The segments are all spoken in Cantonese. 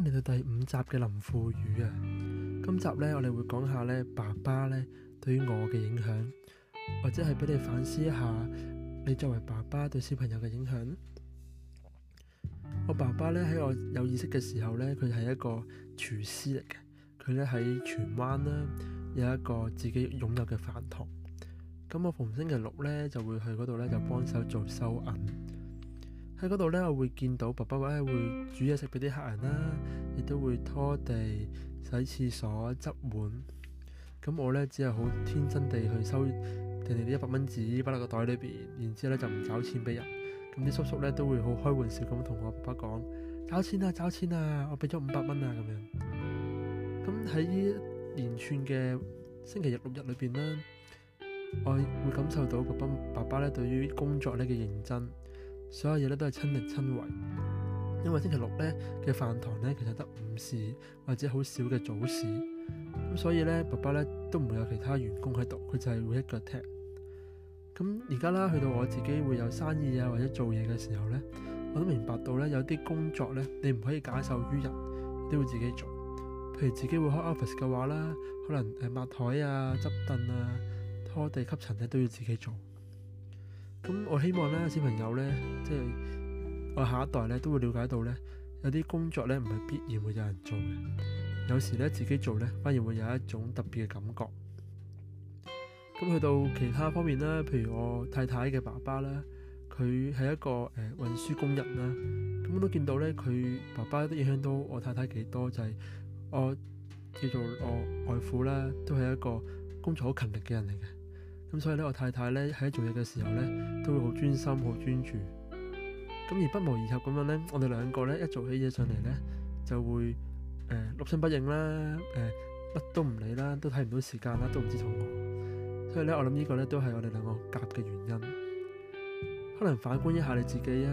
嚟到第五集嘅林富宇啊，今集呢，我哋會講下呢爸爸呢對於我嘅影響，或者係俾你反思一下你作為爸爸對小朋友嘅影響。我爸爸呢，喺我有意識嘅時候呢，佢係一個廚師嚟嘅，佢呢，喺荃灣呢，有一個自己擁有嘅飯堂，咁我逢星期六呢，就會去嗰度呢，就幫手做收銀。喺嗰度呢，我會見到爸爸咧會煮嘢食俾啲客人啦，亦都會拖地、洗廁所、執碗。咁我呢，只係好天真地去收佢哋啲一百蚊紙，擺落個袋裏邊，然之後呢就唔找錢俾人。咁啲叔叔呢，都會好開玩笑咁同我爸爸講：找錢啊，找錢啊！我俾咗五百蚊啊咁樣。咁喺一連串嘅星期日六日裏邊呢，我會感受到爸爸爸爸咧對於工作呢嘅認真。所有嘢咧都係親力親為，因為星期六咧嘅飯堂咧其實得午市或者好少嘅早市，咁所以咧爸爸咧都唔會有其他員工喺度，佢就係會一腳踢。咁而家啦，去到我自己會有生意啊或者做嘢嘅時候咧，我都明白到咧有啲工作咧你唔可以假手於人，你都要自己做。譬如自己會開 office 嘅話啦，可能誒、呃、抹台啊、執凳啊、拖地吸塵咧都要自己做。咁我希望咧，小朋友咧，即係我下一代咧，都會了解到咧，有啲工作咧，唔係必然會有人做嘅。有時咧，自己做咧，反而會有一種特別嘅感覺。咁去到其他方面啦，譬如我太太嘅爸爸啦，佢係一個誒運輸工人啦。咁都見到咧，佢爸爸都影響到我太太幾多，就係我叫做我外父啦，都係一個工作好勤力嘅人嚟嘅。咁所以咧，我太太咧，喺做嘢嘅時候咧，都會好專心、好專注。咁而不謀而合咁樣咧，我哋兩個咧，一做起嘢上嚟咧，就會誒六親不認啦，誒、呃、乜都唔理啦，都睇唔到時間啦，都唔知肚餓。所以咧，我諗呢個咧都係我哋兩個夾嘅原因。可能反觀一下你自己啊，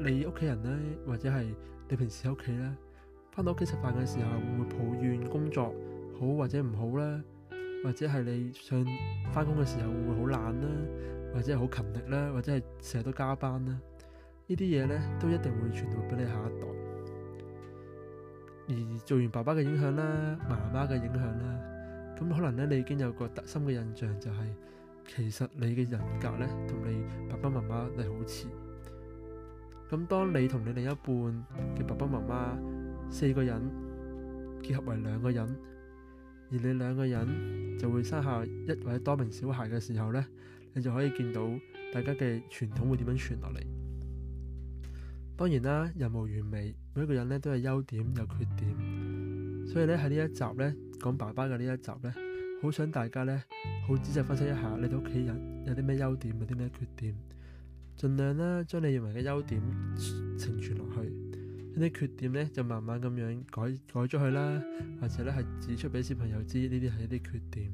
你屋企人咧，或者係你平時喺屋企咧，返到屋企食飯嘅時候會唔會抱怨工作好或者唔好咧？或者係你上返工嘅時候會唔會好懶啦，或者係好勤力啦，或者係成日都加班啦，呢啲嘢呢，都一定會傳到俾你下一代。而做完爸爸嘅影響啦，媽媽嘅影響啦，咁可能咧你已經有個特深嘅印象，就係其實你嘅人格呢，同你爸爸媽媽係好似。咁當你同你另一半嘅爸爸媽媽四個人結合為兩個人。而你兩個人就會生下一或者多名小孩，嘅時候呢，你就可以見到大家嘅傳統會點樣傳落嚟。當然啦，人無完美，每一個人呢，都有優點有缺點，所以咧，喺呢一集呢，講爸爸嘅呢一集呢，好想大家呢好仔細分析一下你哋屋企人有啲咩優點有啲咩缺點，盡量呢，將你認為嘅優點承傳落去。啲缺點咧就慢慢咁樣改改咗佢啦，或者咧係指出俾小朋友知呢啲係一啲缺點。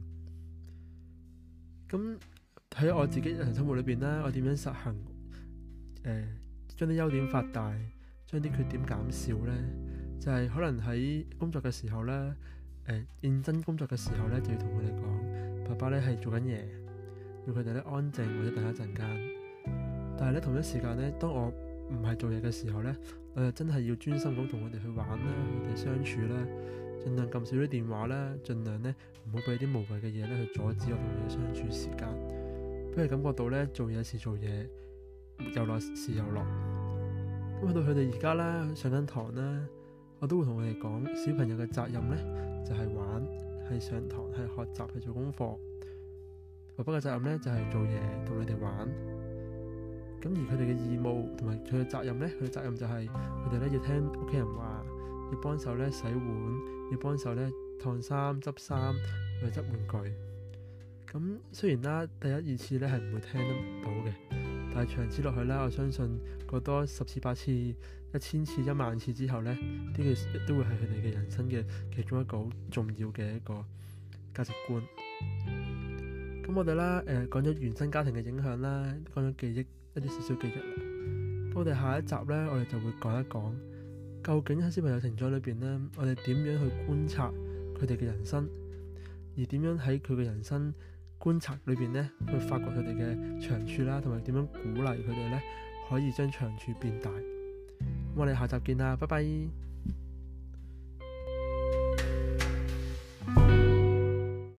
咁喺我自己日常生活裏邊咧，我點樣實行誒、呃、將啲優點發大，將啲缺點減少咧？就係、是、可能喺工作嘅時候咧，誒、呃、認真工作嘅時候咧，就要同佢哋講，爸爸咧係做緊嘢，要佢哋咧安靜或者等一陣間。但係咧同一時間咧，當我唔係做嘢嘅時候呢，咧，誒真係要專心咁同佢哋去玩啦，佢哋相處啦，儘量撳少啲電話啦，儘量呢，唔好俾啲無謂嘅嘢咧去阻止我同佢哋相處時間，俾佢感覺到呢，做嘢時做嘢，遊樂時遊樂。咁去到佢哋而家呢，上緊堂呢，我都會同佢哋講，小朋友嘅責任呢，就係玩，係上堂，係學習，係做功課。爸爸嘅責任呢，就係做嘢同你哋玩。咁而佢哋嘅義務同埋佢嘅責任咧，佢嘅責任就係佢哋咧要聽屋企人話，要幫手咧洗碗，要幫手咧燙衫、執衫或者執玩具。咁雖然啦，第一、二次咧係唔會聽得到嘅，但係長此落去咧，我相信過多十次、八次、一千次、一萬次之後咧，呢個都會係佢哋嘅人生嘅其中一個好重要嘅一個價值觀。咁我哋啦誒講咗原生家庭嘅影響啦，講咗記憶。一啲少少記憶，我哋下一集呢，我哋就會講一講，究竟喺小朋友情緒裏邊呢，我哋點樣去觀察佢哋嘅人生，而點樣喺佢嘅人生觀察裏邊呢，去發掘佢哋嘅長處啦，同埋點樣鼓勵佢哋呢，可以將長處變大。我哋下集見啦，拜拜。